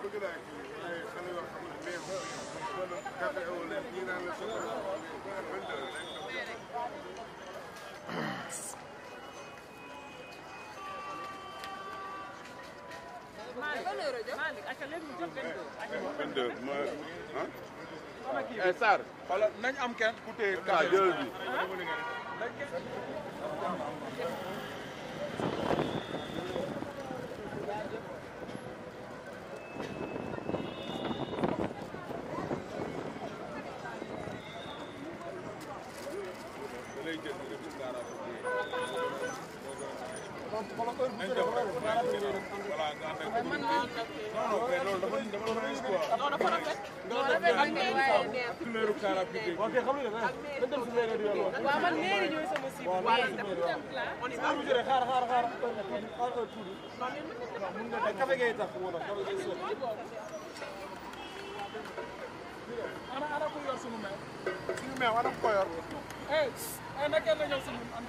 bëgg naa wala café au lait nañ am kenn ku téye. ah jërëjëf. ana ana ko yor sunu meew sunu meew ana ko yor eh nag kenn ñëw si ñun ànd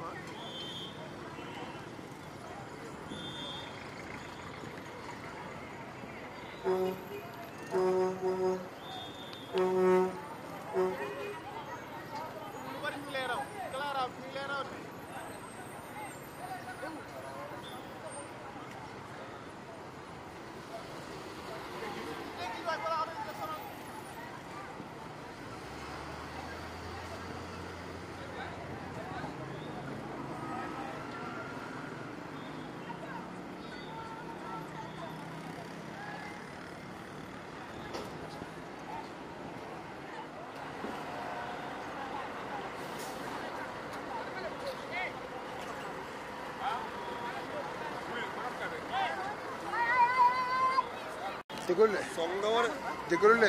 Décolle. Song nga war a. Décolle de.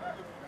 Thank you.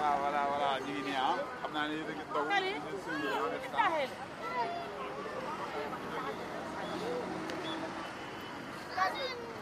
voilà voilà voilà ñu ngi nii ah xam naa ne yéen a ngi taw. Thank you.